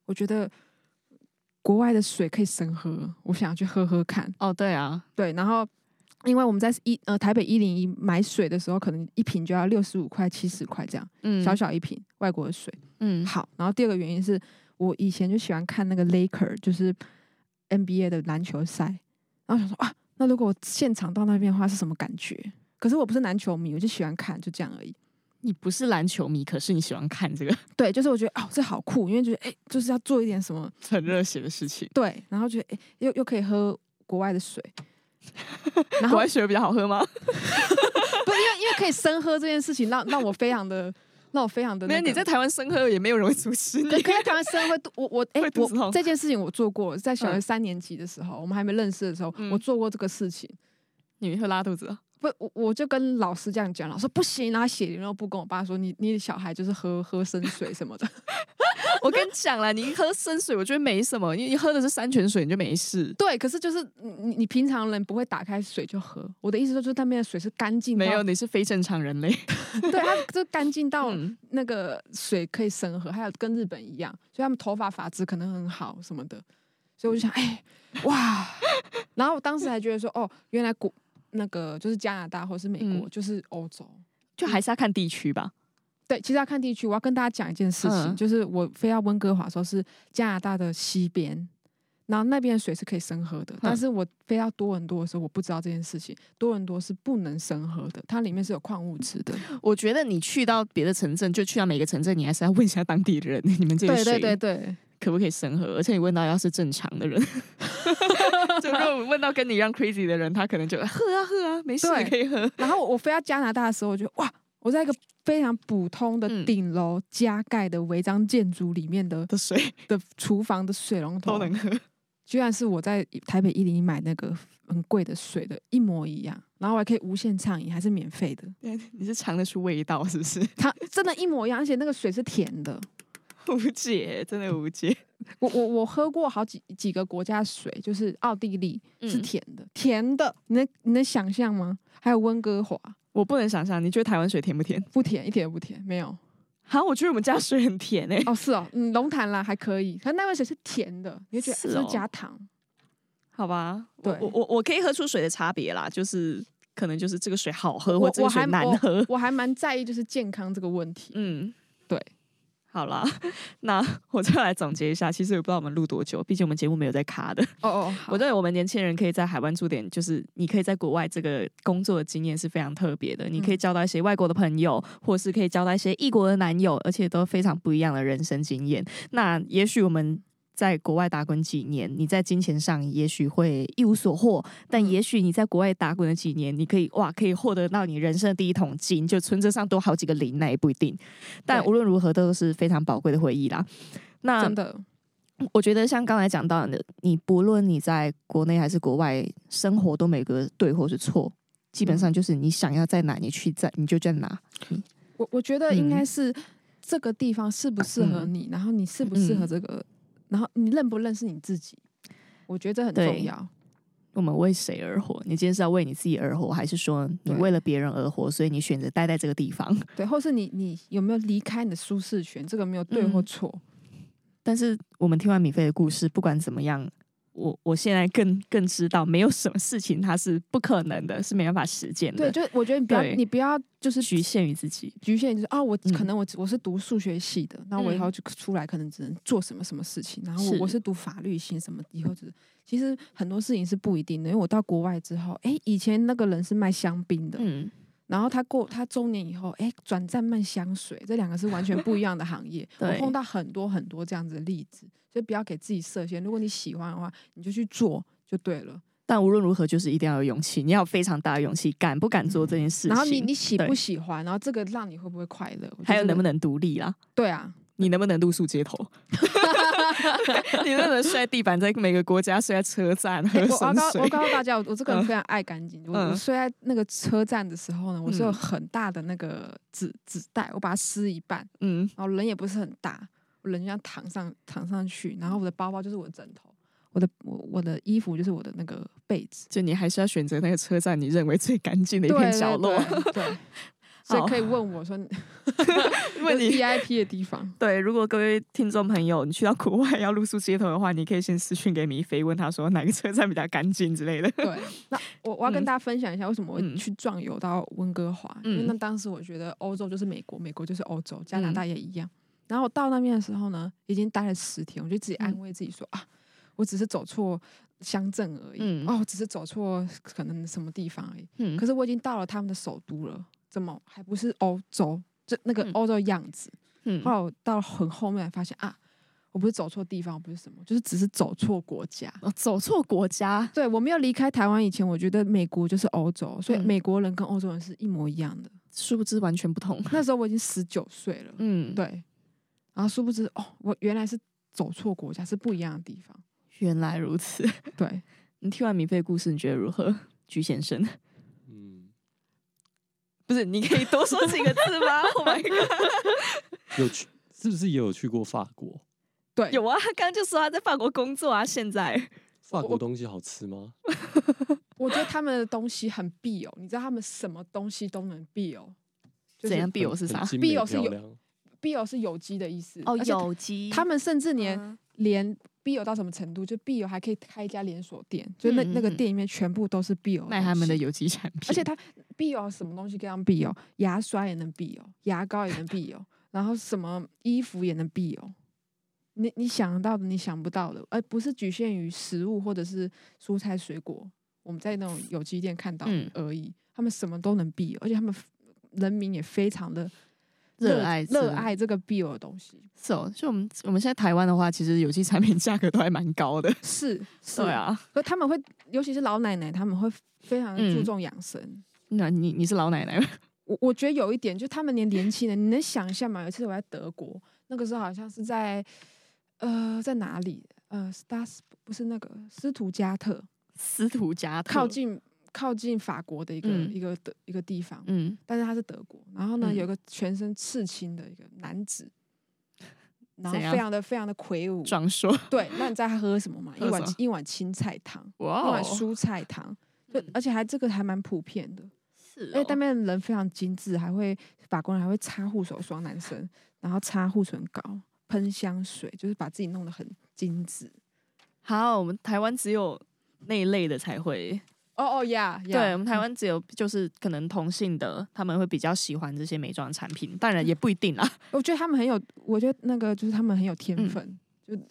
我覺得國外的水可以生喝，我想要去喝喝看。哦，對啊，對，然後。因為我們在一呃台北一零一買水的時候，可能一瓶就要六十五塊、七十塊這樣。嗯，小小一瓶外國的水。嗯，好。然後第二個原因是，我以前就喜歡看那個 Laker，就是 NBA 的籃球賽，然後想說啊，那如果我現場到那邊的話，是什麼感覺？可是我不是籃球迷，我就喜歡看，就這樣而已。你不是籃球迷，可是你喜歡看這個？對，就是我覺得哦，這好酷，因為覺得哎、欸，就是要做一點什麼很熱血的事情。對，然後覺得哎、欸，又又可以喝國外的水。國外水比較好喝嗎？ 不是，因為因為可以生喝這件事情，讓讓我非常的，讓我非常的、那個。那你在台灣生喝也沒有容易出事 你可以在台灣生喝，我我哎、欸、我這件事情我做過，在小學三年級的時候、嗯，我們還沒認識的時候，我做過這個事情。你會拉肚子？不，我我就跟老師這樣講，老師說不行，拿血，然後不跟我爸說，你你小孩就是喝喝生水什麼的。 我跟你講了，你一喝生水，我覺得沒什麼。你你喝的是山泉水，你就沒事。對，可是就是你你平常人不會打開水就喝。我的意思說，就是他們的水是乾淨的。沒有，你是非正常人類。 對，他們就乾淨到那個水可以生喝，還有跟日本一樣，所以他們頭髮髮質可能很好什麼的。所以我就想，哎、欸、哇！然後我當時還覺得說，哦，原來國，那個就是加拿大或是美國，嗯、就是歐洲，就還是要看地區吧。嗯對，其實要看地區。我要跟大家講一件事情、嗯，就是我飛到溫哥華，說是加拿大的西邊，然後那邊的水是可以生喝的、嗯。但是我飛到多倫多的時候，我不知道這件事情，多倫多是不能生喝的，它裡面是有礦物質的。我覺得你去到別的城鎮，就去到每個城鎮，你還是要問一下當地的人，你們這些水對對可不可以生喝？而且你問到要是正常的人， 就如果問到跟你一樣 crazy 的人，他可能就喝啊喝啊，沒事也可以喝。然後我我飛到加拿大的時候，我就哇。我在一個非常普通的頂樓加蓋的違章建築裡面的、嗯、的水的廚房的水龍頭都能喝，居然是我在台北一零一買那個很貴的水的一模一樣，然後還可以無限暢飲，還是免費的、嗯。你是嘗得出味道是不是？它真的，一模一樣，而且那個水是甜的，無解，真的無解。我我我喝過好幾幾個國家的水，就是奧地利是甜的、嗯，甜的，你能你能想象嗎？還有溫哥華。我不能想象你覺得台灣水甜不甜？不甜，一點都不甜，沒有。好，我覺得我們家水很甜誒、欸。 哦，是哦，嗯、龍潭啦還可以，但那杯水是甜的，你覺得是、哦、是、是不是加糖？好吧，對，我我我、我可以喝出水的差別啦，就是可能就是這個水好喝，我或這個水難喝，我還蠻在意就是健康這個問題。嗯。好啦，那我再來總結一下。其實我不知道我們錄多久，畢竟我們節目沒有在卡的。哦哦，我覺得我們年輕人可以在海外住點，就是你可以在國外這個工作的經驗是非常特別的、嗯。你可以交到一些外國的朋友，或是可以交到一些異國的男友，而且都非常不一樣的人生經驗。那也許我們。在國外打滾幾年，你在金錢上也許會一無所獲，但也許你在國外打滾了幾年，嗯，你可以哇可以獲得到你人生的第一桶金，就存摺上多好幾個零，那也不一定。但無論如何都是非常寶貴的回憶啦。那真的，我覺得像剛才講到的，你不論你在國內還是國外，生活都沒個對或是錯，基本上就是你想要在哪，你去在你就在哪。嗯，我我覺得應該是這個地方適不適合你，啊，嗯，然後你適不適合這個。嗯然後你認不認識你自己？我覺得這很重要。對，我們為誰而活？你今天是要為你自己而活，還是說你為了別人而活？所以你選擇待在這個地方？對，或是你你有沒有離開你的舒適圈？這個沒有對或錯。嗯。但是我們聽完米飛的故事，不管怎麼樣。我我現在更更知道，沒有什麼事情它是不可能的，是沒辦法實踐的。對，就我覺得你不要，你不要就是局限於自己，局限於、就是、啊，我可能我我是讀數學系的，那、嗯、我以後就出來可能只能做什麼什麼事情。然後我是我是讀法律系，什麼以後就是，其實很多事情是不一定的。因為我到國外之後，哎、欸，以前那個人是賣香檳的，嗯然後他過他中年以後，哎，轉戰賣香水，這兩個是完全不一樣的行業。 對。我碰到很多很多這樣子的例子，所以不要給自己設限。如果你喜歡的話，你就去做就對了。但無論如何，就是一定要有勇氣，你要有非常大的勇氣，敢不敢做這件事情？嗯，然後你你喜不喜歡？然後這個讓你會不會快樂？還有能不能獨立啦？對啊。你能不能露宿街頭？ 你能不能睡地板？在每個國家睡在車站、欸我，啊、我告我告訴大家，我這個人非常愛乾淨、嗯。我睡在那個車站的時候呢，我是有很大的那個紙紙袋，我把它撕一半，嗯，然後人也不是很大，我人家躺上躺上去，然後我的包包就是我的枕頭，我的我我的衣服就是我的那個被子。就你還是要選擇那個車站，你認為最乾淨的一片角落。對，對，對。對 Oh. 所以可以問我說， 問你 VIP 的地方？對，如果各位聽眾朋友，你去到國外要露宿街頭的話，你可以先私訊給米飛，問他說哪個車站比較乾淨之類的。對，那我,我要跟大家分享一下，為什麼我會去壯遊到溫哥華、嗯？因為那當時我覺得歐洲就是美國，美國就是歐洲，加拿大也一樣。嗯、然後我到那邊的時候呢，已經待了十天，我就自己安慰自己說、嗯、啊，我只是走錯鄉鎮而已，哦、嗯，啊、只是走錯可能什麼地方而已。嗯，可是我已經到了他們的首都了。怎麼還不是歐洲？就那個歐洲樣子，嗯，後來我到了很後面才發現啊，我不是走錯地方，不是什麼，就是只是走錯國家。哦、走錯國家？對，我沒有離開台灣以前，我覺得美國就是歐洲，所以美國人跟歐洲人是一模一樣的。殊不知完全不同。那時候我已經十九歲了，嗯，對。然後殊不知哦，我原來是走錯國家，是不一樣的地方。原來如此。對，你聽完米飛故事，你覺得如何，鞠先生？不是，你可以多說幾個字嗎？Oh my god！有去是不是也有去過法國？對，有啊。他剛就說他在法國工作啊。現在法國東西好吃嗎？我，我覺得他們的東西很 bio。你知道他們什麼東西都能 bio？o、就是、怎樣 bio？是啥？bio 是有 bio 是有機的意思哦，有機。他們甚至、嗯、連連。BIO 到什麼程度？就 BIO 還可以開一家連鎖店，就那那個店裡面全部都是 BIO，嗯、賣他們的有機產品，而且他 BIO 什麼東西，跟他們 BIO 牙刷也能 BIO，牙膏也能 BIO， 然後什麼衣服也能 BIO，你你想到的，你想不到的，而不是局限於食物或者是蔬菜水果，我們在那種有機店看到而已，嗯、他們什麼都能 BIO，而且他們人民也非常的。熱愛熱愛這個必有東西，是哦。就我們我們現在台灣的話，其實有機產品價格都還蠻高的是。是，對啊。可他們會，尤其是老奶奶，他們會非常注重養生、嗯。那你你是老奶奶嗎？我我覺得有一點，就是他們連年輕人，你能想象嗎？有一次我在德國，那個時候好像是在呃在哪裡？呃，斯達不是那個斯圖加特，斯圖加特靠近。靠近法國的一個、嗯、一個的一個地方，嗯，但是他是德國。然後呢，嗯、有一個全身刺青的一個男子，然後非常的非常的魁梧壯碩。對，那你知道他喝什麼嗎？麼一碗一碗青菜湯、wow，一碗蔬菜湯，而且還這個還蠻普遍的。是、哦，因為那邊的人非常精緻，還會法國人還會擦護手霜、男生，然後擦護唇膏、噴香水，就是把自己弄得很精緻。好，我們台灣只有那一類的才會。欸哦、oh, 哦 yeah，Yeah，對我們臺灣只有就是可能同性的他們會比較喜歡這些美妝產品，當然也不一定啦。 我覺得他們很有，我覺得那個就是他們很有天分、嗯，就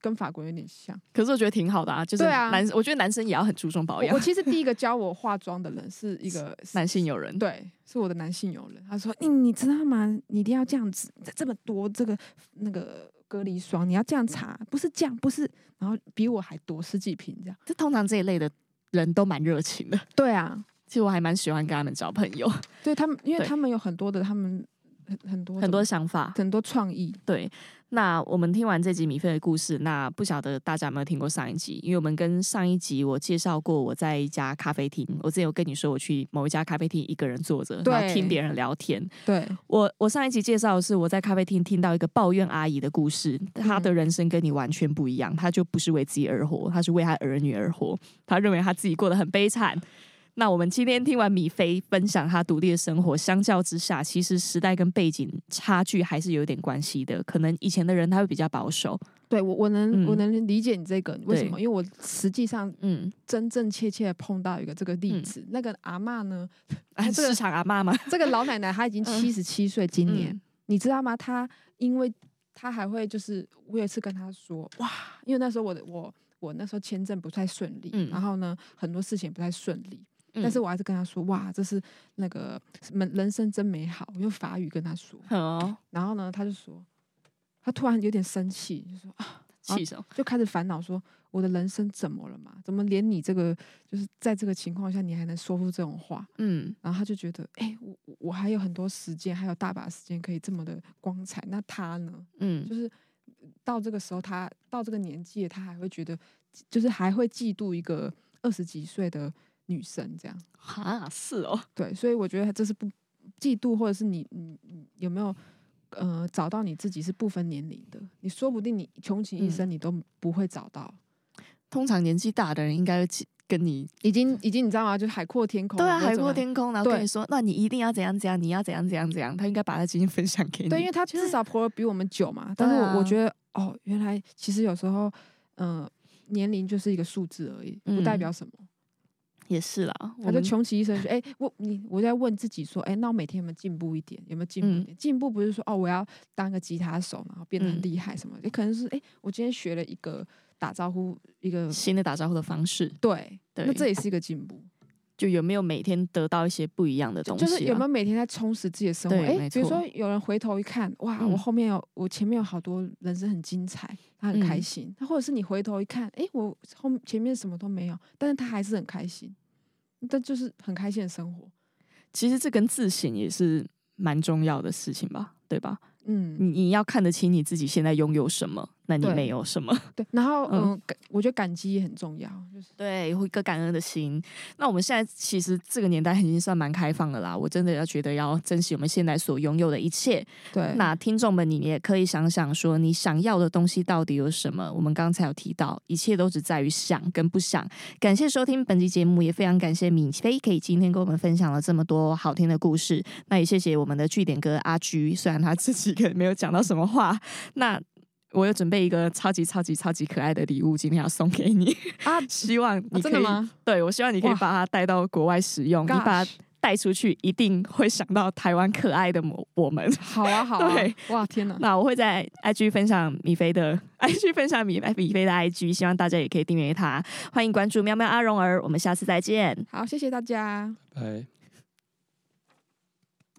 跟法國有點像。可是我覺得挺好的啊，就是男，對啊、我覺得男生也要很注重保養。我其實第一個教我化妝的人是一個 是男性友人，對，是我的男性友人。他說：“你、嗯、你知道嗎？你一定要這樣子，這麼多這個那個隔離霜，你要這樣擦，不是這樣，不是。然後比我還多十幾瓶這樣。這通常這一類的。”人都蠻熱情的，對啊，其實我還蠻喜歡跟他們交朋友，對他們，因為他們有很多的，他們，很多的他們。很多很多想法，很多創意。對，那我們聽完這集米飛的故事，那不曉得大家有沒有聽過上一集？因為我們跟上一集我介紹過，我在一家咖啡廳，我之前有跟你說，我去某一家咖啡廳，一個人坐着，對，聽別人聊天。對，我我上一集介紹的是我在咖啡廳聽到一個抱怨阿姨的故事，她的人生跟你完全不一樣，她就不是為自己而活，她是為她兒女而活，她認為她自己過得很悲慘。那我們今天聽完米飛分享她獨立的生活，相較之下，其實，時代跟背景差距還是有點關係的。可能以前的人他會比較保守。對，我我能、嗯、我能理解你這個為什麼？因為我實際上，嗯，真真切切碰到一個這個例子，嗯、那個阿嬤呢、啊這個，市場阿嬤嗎這個老奶奶她已經七十七歲，今年、嗯嗯、你知道嗎？她因為她還會就是，我有一次跟她說哇，因為那時候我的我我那時候簽證不太順利，嗯、然後呢，很多事情不太順利。但是我還是跟他說：“哇，這是那個什麼，人生真美好。”我用法語跟他說、哦。然後呢，他就說，他突然有點生氣，就說：“啊，氣什麼？”就開始煩惱說：“我的人生怎麼了嘛？怎麼連你這個，就是在這個情況下，你還能說出這種話？”嗯。然後他就覺得：“哎、欸，我我還有很多時間，還有大把時間可以這麼的光彩。那他呢？嗯，就是到這個時候他，他到這個年紀，他還會覺得，就是還會嫉妒一個二十幾歲的。”女生這樣啊，是哦，對，所以我覺得這是不嫉妒，或者是你，你有沒有呃找到你自己是不分年齡的？你說不定你窮其一生、嗯、你都不會找到。通常年紀大的人應該跟跟你已經已經，你知道嗎？就是海闊天空，對啊，海闊天空，然後跟你說，那你一定要怎樣怎樣，你要怎樣怎樣怎樣。他應該把他經驗分享給你，對，因為他至少活得比我們久嘛。但是我，、啊、我覺得哦，原來其實有時候，嗯、呃，年齡就是一個數字而已，不代表什麼。嗯也是啦，我就窮其一生去哎，我、欸、我你我在問自己說，哎、欸，那我每天有沒有進步一點？有沒有進步？進、嗯、步不是說哦，我要當個吉他手然後變得很厲害什麼的？也、嗯欸、可能是哎、欸，我今天學了一個打招呼，一個新的打招呼的方式，對，對那這也是一個進步。就有沒有每天得到一些不一樣的東西、啊就？就是有沒有每天在充實自己的生活？哎、欸，比如說有人回頭一看，哇，嗯、我後面有我前面有好多人生很精彩，他很開心；他、嗯、或者是你回頭一看，哎、欸，我後前面什麼都沒有，但是他還是很開心，但就是很開心的生活。其實這跟自省也是蠻重要的事情吧？對吧？嗯，你你要看得清你自己現在擁有什麼。那你沒有什麼對，對然後嗯感，我覺得感激也很重要，就是對有一個感恩的心。那我們現在其實這個年代已經算蠻開放的啦。我真的要覺得要珍惜我們現在所擁有的一切。對，那聽眾們，你也可以想想說，你想要的東西到底有什麼？我們剛才有提到，一切都只在於想跟不想。感謝收聽本期節目，也非常感謝米飛，可以今天跟我們分享了這麼多好聽的故事。那也謝謝我們的句點哥阿 G，雖然他自己可能沒有講到什麼話，那。我有準備一個超級超級超級可愛的禮物，今天要送給你啊！ 希望你可以、啊、對，我希望你可以把它帶到國外使用，你把它帶出去，一定會想到台灣可愛的我我們。 好啊，好啊對！哇，天哪！那我會在 IG 分享米飛的 IG 分享米、米飛的 IG，希望大家也可以訂閱他，歡迎關注喵喵阿蓉兒，我們下次再見。好，謝謝大家，拜。